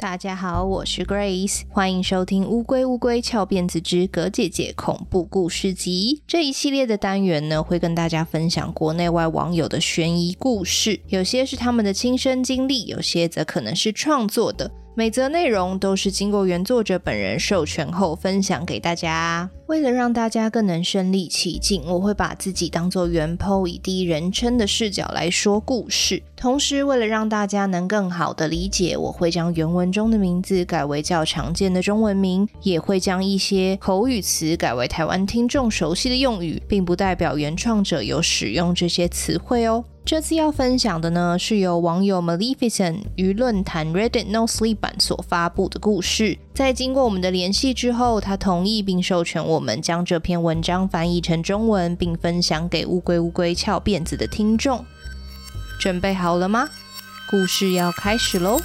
大家好，我是 Grace，歡迎收聽《烏龜烏龜翹辮子之葛姐姐恐怖故事集》這一系列的單元呢，會跟大家分享國內外網友的懸疑故事，有些是他們的親身經歷，有些則可能是創作的。每則內容都是經過原作者本人授權後分享給大家啊。為了讓大家更能身臨其境，我會把自己當做原 PO 以第一人稱的視角來說故事。同時，為了讓大家能更好的理解，我會將原文中的名字改為較常見的中文名，也會將一些口語詞改為台灣聽眾熟悉的用語，並不代表原創者有使用這些詞彙哦。這次要分享的呢，是由網友 Maleficent 於論壇 Reddit No Sleep 版所發佈的故事。在經過我們的聯繫之後，他同意並授權我們將這篇文章翻譯成中文，並分享給烏龜烏龜翹辮子的聽眾。準備好了嗎？故事要開始嘍！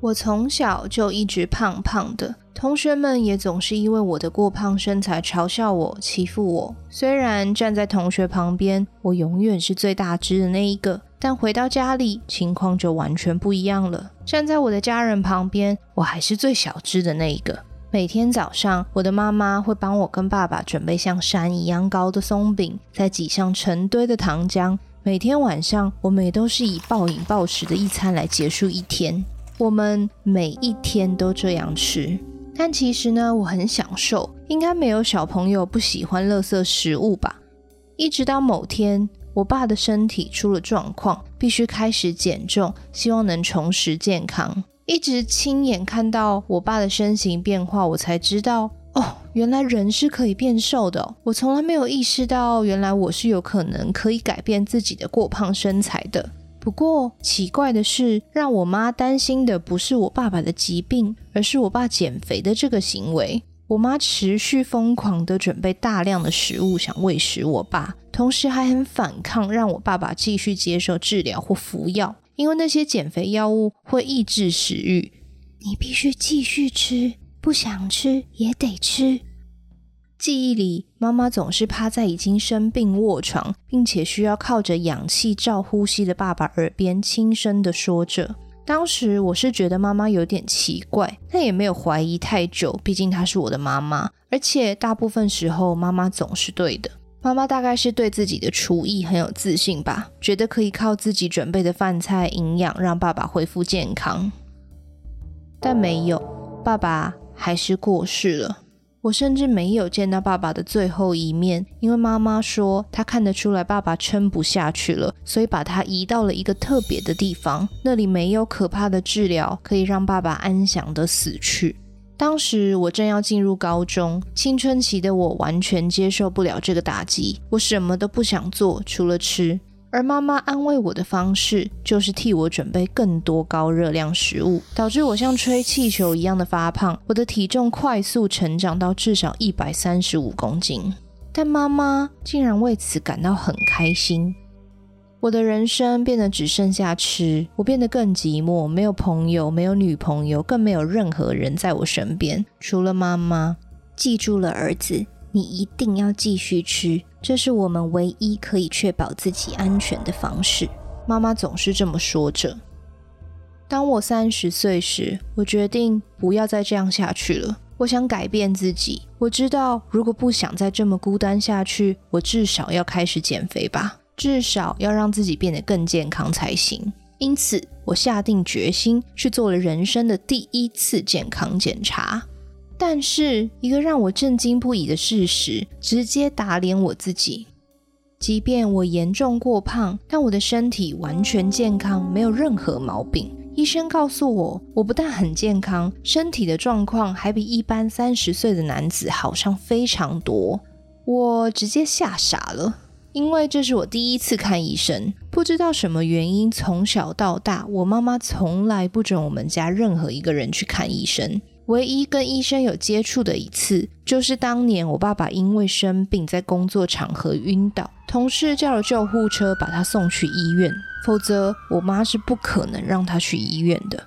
我從小就一直胖胖的。同學們也總是因為我的過胖身材嘲笑我、欺負我。雖然站在同學旁邊，我永遠是最大只的那一個，但回到家裡，情況就完全不一樣了。站在我的家人旁邊，我還是最小只的那一個。每天早上，我的媽媽會幫我跟爸爸準備像山一樣高的鬆餅，再擠上成堆的糖漿。每天晚上，我們都是以暴飲暴食的一餐來結束一天。我們每一天都這樣吃。但其實呢，我很享受，應該沒有小朋友不喜歡垃圾食物吧？一直到某天，我爸的身體出了狀況，必須開始減重，希望能重拾健康。一直親眼看到我爸的身形變化，我才知道，哦，原來人是可以變瘦的哦。我從來沒有意識到，原來我是有可能可以改變自己的過胖身材的。不過奇怪的是，讓我媽擔心的不是我爸爸的疾病，而是我爸減肥的這個行為。我媽持續瘋狂的準備大量的食物，想餵食我爸，同時還很反抗，讓我爸爸繼續接受治療或服藥，因為那些減肥藥物會抑制食欲。你必須繼續吃，不想吃也得吃。記憶裡，媽媽總是趴在已經生病臥床，並且需要靠着氧氣罩呼吸的爸爸耳邊輕聲地說着。當時我是覺得媽媽有點奇怪，但也沒有懷疑太久，畢竟她是我的媽媽，而且大部分時候媽媽總是對的。媽媽大概是對自己的廚藝很有自信吧，覺得可以靠自己準備的飯菜營養讓爸爸恢復健康，但沒有，爸爸還是過世了。我甚至沒有見到爸爸的最後一面，因為媽媽說她看得出來爸爸撐不下去了，所以把他移到了一個特別的地方，那裡沒有可怕的治療，可以讓爸爸安詳地死去。當時我正要進入高中，青春期的我完全接受不了這個打擊，我什麼都不想做，除了吃。而媽媽安慰我的方式，就是替我準備更多高熱量食物，導致我像吹氣球一樣的發胖。我的體重快速成長到至少一百三十五公斤，但媽媽竟然為此感到很開心。我的人生變得只剩下吃，我變得更寂寞，沒有朋友，沒有女朋友，更沒有任何人在我身邊，除了媽媽。記住了，兒子。你一定要繼續吃，這是我們唯一可以確保自己安全的方式。媽媽總是這麼說着。當我三十歲時，我決定不要再這樣下去了。我想改變自己。我知道，如果不想再這麼孤單下去，我至少要開始減肥吧，至少要讓自己變得更健康才行。因此，我下定決心去做了人生的第一次健康檢查。但是，一個讓我震驚不已的事實直接打臉我自己。即便我嚴重過胖，但我的身體完全健康，沒有任何毛病。醫生告訴我，我不但很健康，身體的狀況還比一般三十歲的男子好上非常多。我直接嚇傻了，因為這是我第一次看醫生。不知道什麼原因，從小到大，我媽媽從來不准我們家任何一個人去看醫生。唯一跟醫生有接觸的一次，就是當年我爸爸因為生病在工作場合暈倒，同事叫了救護車把他送去醫院，否則我媽是不可能讓他去醫院的。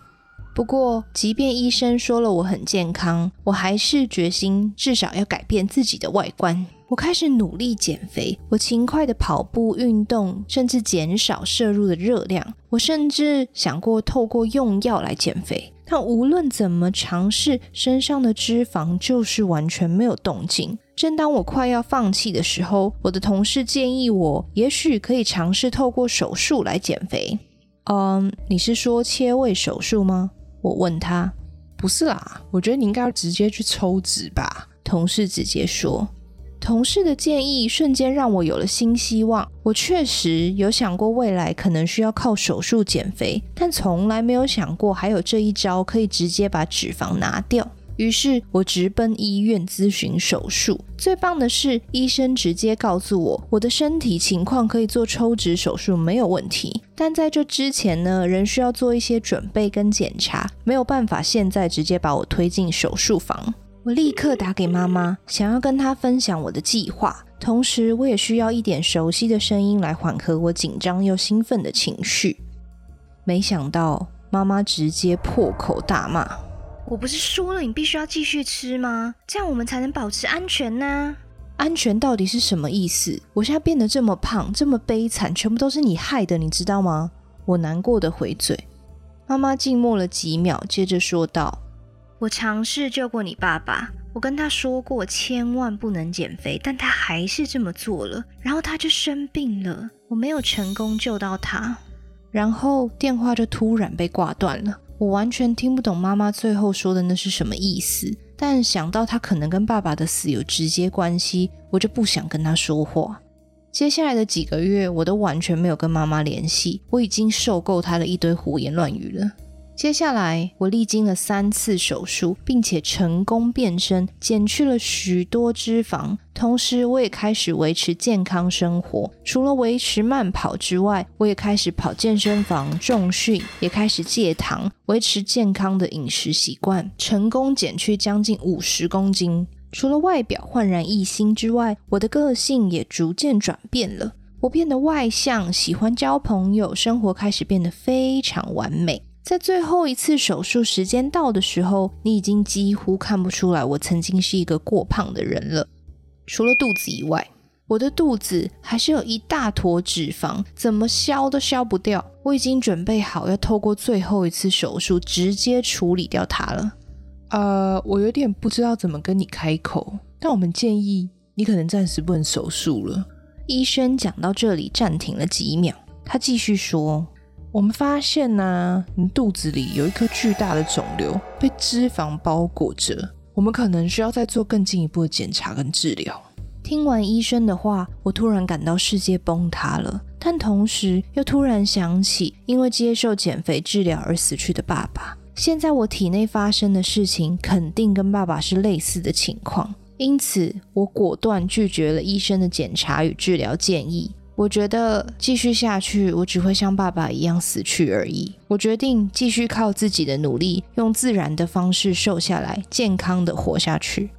不過，即便醫生說了我很健康，我還是決心至少要改變自己的外觀。我開始努力減肥，我勤快地跑步運動，甚至減少攝入的熱量。我甚至想過透過用藥來減肥。但無論怎麼嘗試，身上的脂肪就是完全沒有動靜。正當我快要放棄的時候，我的同事建議我，也許可以嘗試透過手術來減肥。嗯，你是說切胃手術嗎？我問他。不是啦，我覺得你應該要直接去抽脂吧。同事直接說。同事的建議瞬間讓我有了新希望。我確實有想過未來可能需要靠手術減肥，但從來沒有想過還有這一招可以直接把脂肪拿掉。於是我直奔醫院諮詢手術。最棒的是，醫生直接告訴我，我的身體情況可以做抽脂手術，沒有問題。但在這之前呢，仍需要做一些準備跟檢查，沒有辦法現在直接把我推進手術房。我立刻打給媽媽，想要跟她分享我的計劃，同時我也需要一點熟悉的聲音來緩和我緊張又興奮的情緒。沒想到媽媽直接破口大罵：“我不是說了你必須要繼續吃嗎？這樣我們才能保持安全呢？安全到底是什麼意思？我現在變得這麼胖，這麼悲慘，全部都是你害的，你知道嗎？”我難過的回嘴。媽媽靜默了幾秒，接着說道。我嘗試救過你爸爸，我跟他說過千萬不能減肥，但他還是這麼做了，然後他就生病了，我沒有成功救到他。然後電話就突然被掛斷了，我完全聽不懂媽媽最後說的那是什麼意思，但想到他可能跟爸爸的死有直接關係，我就不想跟他說話。接下來的幾個月，我都完全沒有跟媽媽聯繫，我已經受夠他的一堆胡言亂語了。接下來，我歷經了三次手術，並且成功變身，減去了許多脂肪。同時，我也開始維持健康生活。除了維持慢跑之外，我也開始跑健身房重訓，也開始戒糖，維持健康的飲食習慣，成功減去將近五十公斤。除了外表煥然一新之外，我的個性也逐漸轉變了。我變得外向，喜歡交朋友，生活開始變得非常完美。在最後一次手術時間到的時候，你已經幾乎看不出來我曾經是一個過胖的人了。除了肚子以外，我的肚子還是有一大坨脂肪，怎麼消都消不掉。我已經準備好要透過最後一次手術直接處理掉它了。呃，我有點不知道怎麼跟你開口，但我們建議你可能暫時不能手術了。醫生講到這裡暫停了幾秒，他繼續說。我們發現呢、啊，你肚子裡有一顆巨大的腫瘤，被脂肪包裹着。我們可能需要再做更進一步的檢查跟治療。聽完醫生的話，我突然感到世界崩塌了，但同時又突然想起，因為接受減肥治療而死去的爸爸。現在我體內發生的事情，肯定跟爸爸是類似的情況。因此，我果斷拒絕了醫生的檢查與治療建議。我覺得繼續下去，我只會像爸爸一樣死去而已。我決定繼續靠自己的努力，用自然的方式瘦下來，健康的活下去。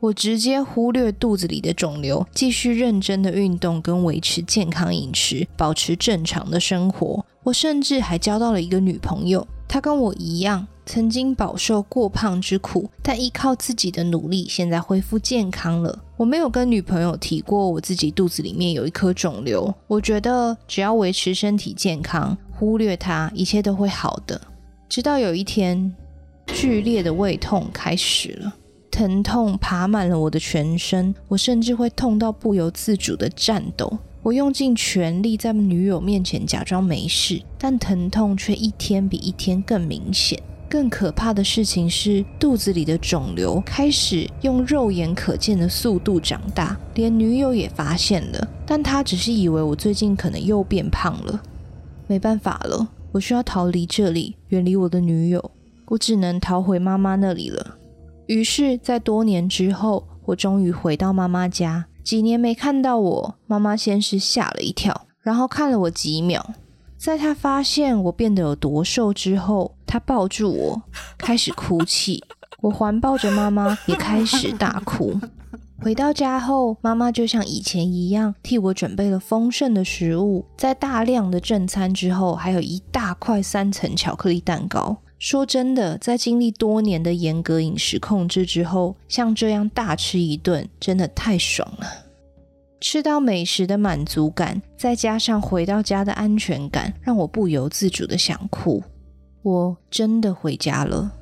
我直接忽略肚子裡的腫瘤，繼續認真的運動跟維持健康飲食，保持正常的生活。我甚至還交到了一個女朋友，她跟我一樣，曾經飽受過胖之苦，但依靠自己的努力，現在恢復健康了。我沒有跟女朋友提過我自己肚子裡面有一顆腫瘤，我覺得只要維持身體健康，忽略它，一切都會好的。直到有一天，劇烈的胃痛開始了。疼痛爬滿了我的全身，我甚至會痛到不由自主的顫抖。我用盡全力在女友面前假裝沒事，但疼痛卻一天比一天更明顯。更可怕的事情是，肚子裡的腫瘤開始用肉眼可見的速度長大，連女友也發現了，但她只是以為我最近可能又變胖了。沒辦法了，我需要逃離這裡，遠離我的女友。我只能逃回媽媽那裡了。於是，在多年之後，我終於回到媽媽家。幾年沒看到我，媽媽先是嚇了一跳，然後看了我幾秒。在她發現我變得有多瘦之後，她抱住我，開始哭泣。我環抱着媽媽，也開始大哭。回到家後，媽媽就像以前一樣，替我準備了豐盛的食物。在大量的正餐之後，還有一大塊三層巧克力蛋糕。說真的，在經歷多年的嚴格飲食控制之後，像這樣大吃一頓，真的太爽了。吃到美食的滿足感，再加上回到家的安全感，讓我不由自主地想哭。我真的回家了。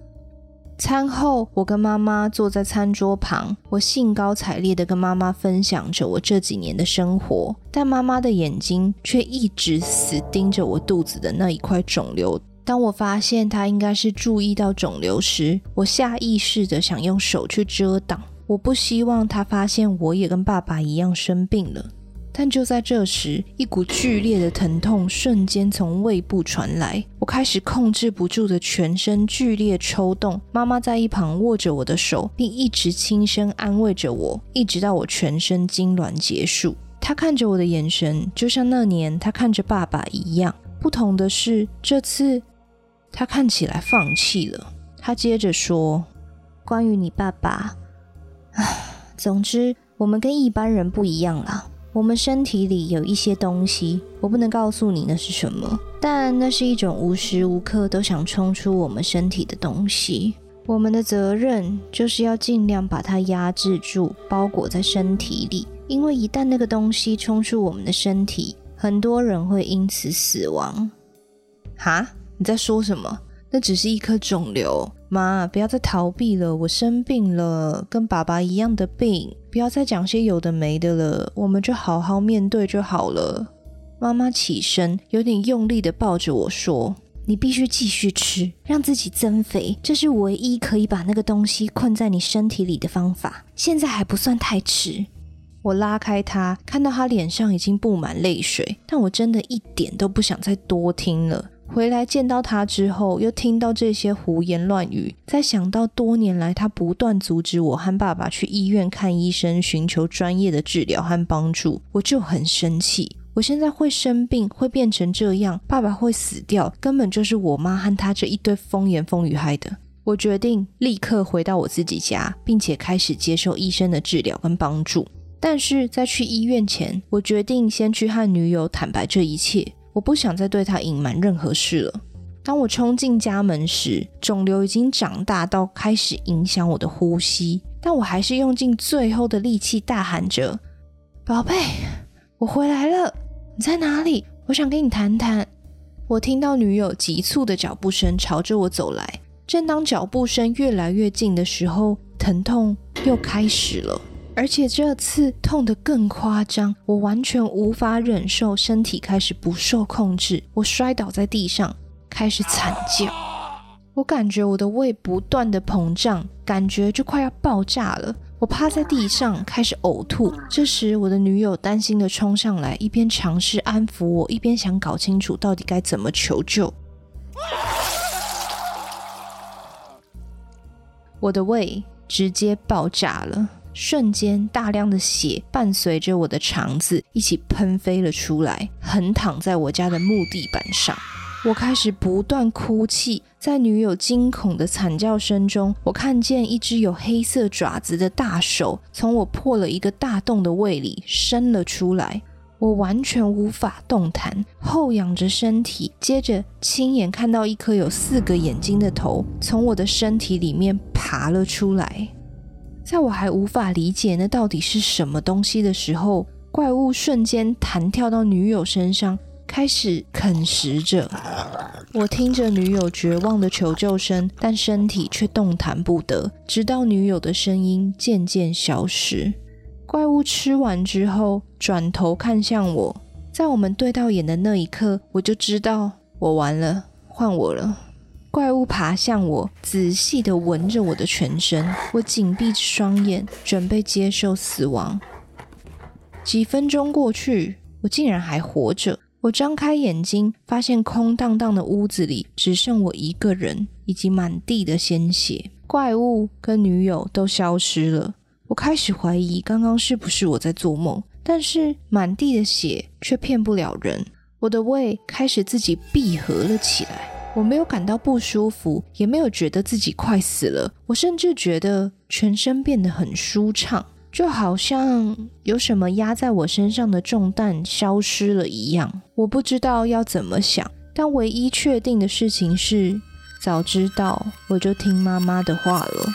餐後，我跟媽媽坐在餐桌旁，我興高采烈地跟媽媽分享着我這幾年的生活，但媽媽的眼睛卻一直死盯着我肚子的那一塊腫瘤。當我發現他應該是注意到腫瘤時，我下意識的想用手去遮擋，我不希望他發現我也跟爸爸一樣生病了。但就在這時，一股劇烈的疼痛瞬間從胃部傳來，我開始控制不住的全身劇烈抽動。媽媽在一旁握着我的手，並一直輕聲安慰着我，一直到我全身痙攣結束。她看着我的眼神，就像那年她看着爸爸一樣。不同的是，這次……他看起來放棄了。他接着說：“關於你爸爸，唉，總之我們跟一般人不一樣啦。我們身體裡有一些東西，我不能告訴你那是什麼，但那是一種無時無刻都想衝出我們身體的東西。我們的責任就是要儘量把它壓制住，包裹在身體裡，因為一旦那個東西衝出我們的身體，很多人會因此死亡。”哈？你在說什麼？那只是一顆腫瘤，媽，不要再逃避了。我生病了，跟爸爸一樣的病。不要再講些有的沒的了，我們就好好面對就好了。媽媽起身，有點用力的抱着我說：“你必須繼續吃，讓自己增肥，這是唯一可以把那個東西困在你身體裡的方法。現在還不算太遲。”我拉開他，看到他臉上已經布滿淚水，但我真的一點都不想再多聽了。回來見到他之後，又聽到這些胡言亂語，再想到多年來他不斷阻止我和爸爸去醫院看醫生，尋求專業的治療和幫助，我就很生氣。我現在會生病，會變成這樣，爸爸會死掉，根本就是我媽和他這一堆瘋言瘋語害的。我決定立刻回到我自己家，並且開始接受醫生的治療跟幫助。但是在去醫院前，我決定先去和女友坦白這一切。我不想再對他隱瞞任何事了。當我衝進家門時，腫瘤已經長大到開始影響我的呼吸，但我還是用盡最後的力氣大喊着：“寶貝，我回來了，你在哪裡？我想跟你談談。”我聽到女友急促的腳步聲朝着我走來。正當腳步聲越來越近的時候，疼痛又開始了。而且這次痛得更誇張，我完全無法忍受，身體開始不受控制，我摔倒在地上，開始慘叫。我感覺我的胃不斷地膨脹，感覺就快要爆炸了。我趴在地上開始嘔吐。這時，我的女友擔心地衝上來，一邊嘗試安撫我，一邊想搞清楚到底該怎麼求救。我的胃直接爆炸了。瞬間，大量的血伴隨着我的腸子一起噴飛了出來，橫躺在我家的木地板上。我開始不斷哭泣，在女友驚恐的慘叫聲中，我看見一隻有黑色爪子的大手從我破了一個大洞的胃裡伸了出來。我完全無法動彈，後仰着身體，接着親眼看到一顆有四個眼睛的頭從我的身體裡面爬了出來。在我還無法理解那到底是什麼東西的時候，怪物瞬間彈跳到女友身上，開始啃食着。我聽着女友絕望的求救聲，但身體卻動彈不得，直到女友的聲音漸漸消失。怪物吃完之後，轉頭看向我。在我們對到眼的那一刻，我就知道我完了，換我了。怪物爬向我，仔細地聞着我的全身。我緊閉着雙眼，準備接受死亡。幾分鐘過去，我竟然還活着。我張開眼睛，發現空蕩蕩的屋子裡只剩我一個人，以及滿地的鮮血。怪物跟女友都消失了。我開始懷疑剛剛是不是我在做夢，但是滿地的血卻騙不了人。我的胃開始自己閉合了起來。我沒有感到不舒服，也沒有覺得自己快死了。我甚至覺得全身變得很舒暢，就好像有什麼壓在我身上的重擔消失了一樣。我不知道要怎麼想，但唯一確定的事情是，早知道我就聽媽媽的話了。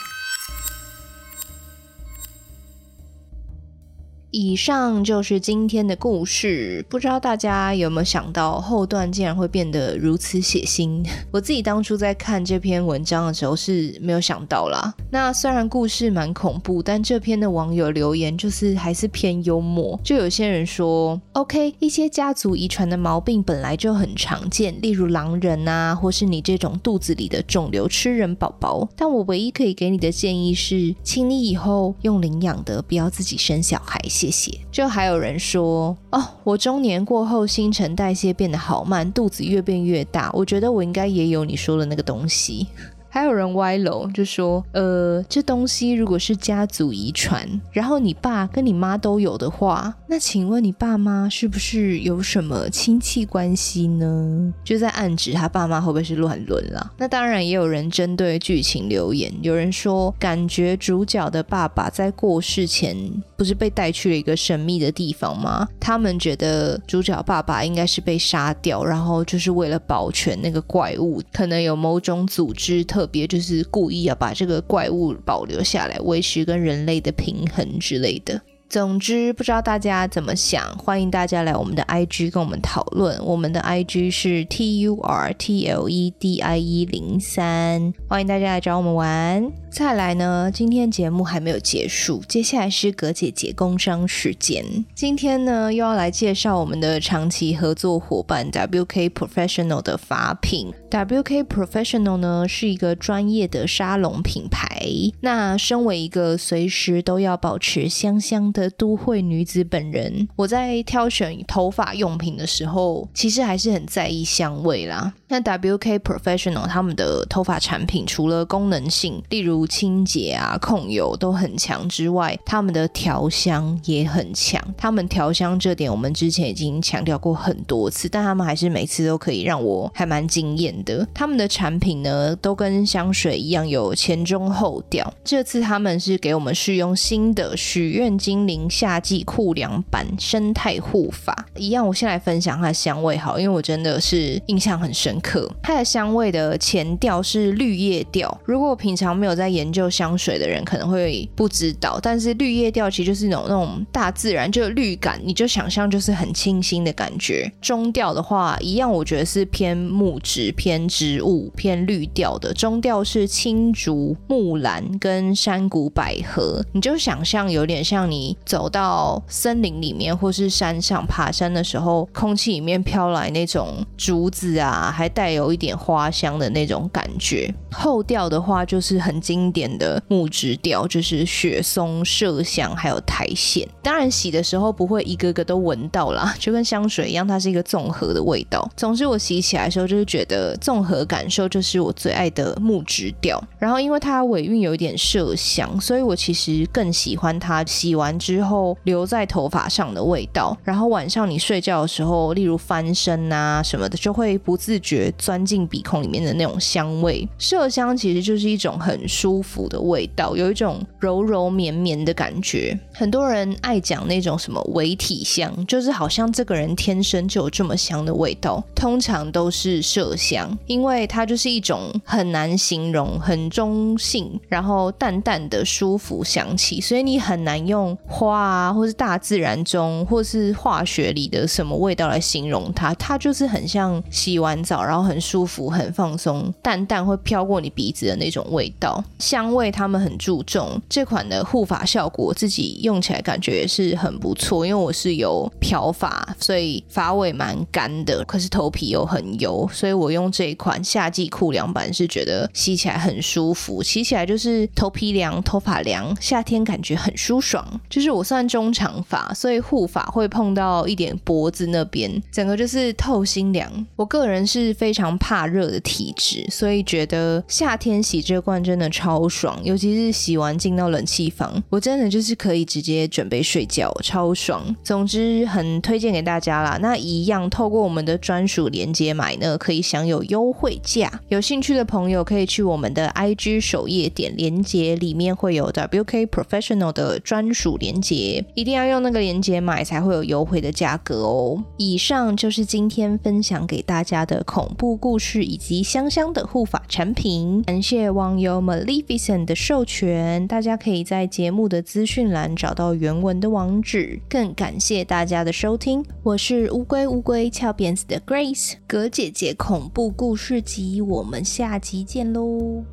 以上就是今天的故事。不知道大家有沒有想到，後段竟然會變得如此血腥。我自己當初在看這篇文章的時候是沒有想到啦。那雖然故事蠻恐怖，但這篇的網友留言就是還是偏幽默。就有些人說：“OK，一些家族遺傳的毛病本來就很常見，例如狼人啊，或是你這種肚子裡的腫瘤吃人寶寶。”但我唯一可以給你的建議是，請你以後用領養的，不要自己生小孩。謝謝。就還有人說，哦，我中年過後新陳代謝變得好慢，肚子越變越大。我覺得我應該也有你說的那個東西。還有人歪樓就說：“呃，這東西如果是家族遺傳，然後你爸跟你媽都有的話，那請問你爸媽是不是有什麼親戚關係呢？”就在暗指他爸媽會不會是亂倫了啊？那當然，也有人針對劇情留言，有人說：“感覺主角的爸爸在過世前不是被帶去了一個神秘的地方嗎？”他們覺得主角爸爸應該是被殺掉，然後就是為了保全那個怪物，可能有某種組織特。特別就是故意要、啊、把這個怪物保留下來，維持跟人類的平衡之類的。總之，不知道大家怎麼想，歡迎大家來我們的 IG 跟我們討論。我們的 IG 是 t u r t l e d i e 零三，歡迎大家來找我們玩。再來呢，今天節目還沒有結束，接下來是葛姐姐工商時間。今天呢，又要來介紹我們的長期合作伙伴 W K Professional 的髮品。W K Professional 呢，是一個專業的沙龍品牌。那身為一個隨時都要保持香香的。都會女子本人，我在挑選頭髮用品的時候，其實還是很在意香味啦。那 WK Professional 他們的頭髮產品，除了功能性，例如清潔啊、控油都很強之外，他們的調香也很強。他們調香這點，我們之前已經強調過很多次，但他們還是每次都可以讓我還蠻驚豔的。他們的產品呢，都跟香水一樣有前中後調。這次他們是給我們試用新的許願精靈零夏季酷涼版生態護髮一樣，我先來分享它的香味好，因為我真的是印象很深刻。它的香味的前調是綠葉調，如果平常沒有在研究香水的人可能會不知道，但是綠葉調其實就是種那種大自然就綠感，你就想象就是很清新的感覺。中調的話，一樣我覺得是偏木質、偏植物、偏綠調的。中調是青竹、木蘭跟山谷百合，你就想象有點像你。走到森林裡面或是山上爬山的時候，空氣裡面飄來那種竹子啊，還帶有一點花香的那種感覺。後調的話就是很經典的木質調，就是雪松、麝香還有苔蘚。當然洗的時候不會一個個都聞到啦，就跟香水一樣，它是一個綜合的味道。總之我洗起來的時候就是覺得綜合感受就是我最愛的木質調。然後因為它尾韻有一點麝香，所以我其實更喜歡它洗完。之後留在頭髮上的味道，然後晚上你睡覺的時候，例如翻身啊什麼的，就會不自覺鑽進鼻孔裡面的那種香味。麝香其實就是一種很舒服的味道，有一種柔柔綿綿的感覺。很多人愛講那種什麼偽體香，就是好像這個人天生就有這麼香的味道，通常都是麝香，因為它就是一種很難形容、很中性，然後淡淡的舒服香氣，所以你很難用。花啊，或是大自然中，或是化學裡的什麼味道，來形容它？它就是很像洗完澡，然後很舒服、很放鬆，淡淡會飄過你鼻子的那種味道。香味他們很注重這款的護髮效果，自己用起來感覺也是很不錯。因為我是有漂髮，所以髮尾蠻乾的，可是頭皮又很油，所以我用這款夏季酷涼版是覺得洗起來很舒服，洗起來就是頭皮涼、頭髮涼，夏天感覺很舒爽，就是我算中長髮，所以護髮會碰到一點脖子那邊，整個就是透心涼。我個人是非常怕熱的體質，所以覺得夏天洗這罐真的超爽，尤其是洗完進到冷氣房，我真的就是可以直接準備睡覺，超爽。總之，很推薦給大家啦。那一樣透過我們的專屬連結買呢，可以享有優惠價。有興趣的朋友可以去我們的 IG 首頁點連結，裡面會有 WK Professional 的專屬連。鏈接一定要用那個鏈接買才會有優惠的價格哦。以上就是今天分享給大家的恐怖故事以及香香的護髮產品。感謝網友 Maleficent 的授權，大家可以在節目的資訊欄找到原文的網址。更感謝大家的收聽，我是烏龜烏龜翹辮子的 Grace 葛姐姐恐怖故事集，我們下集見嘍，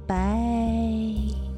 拜。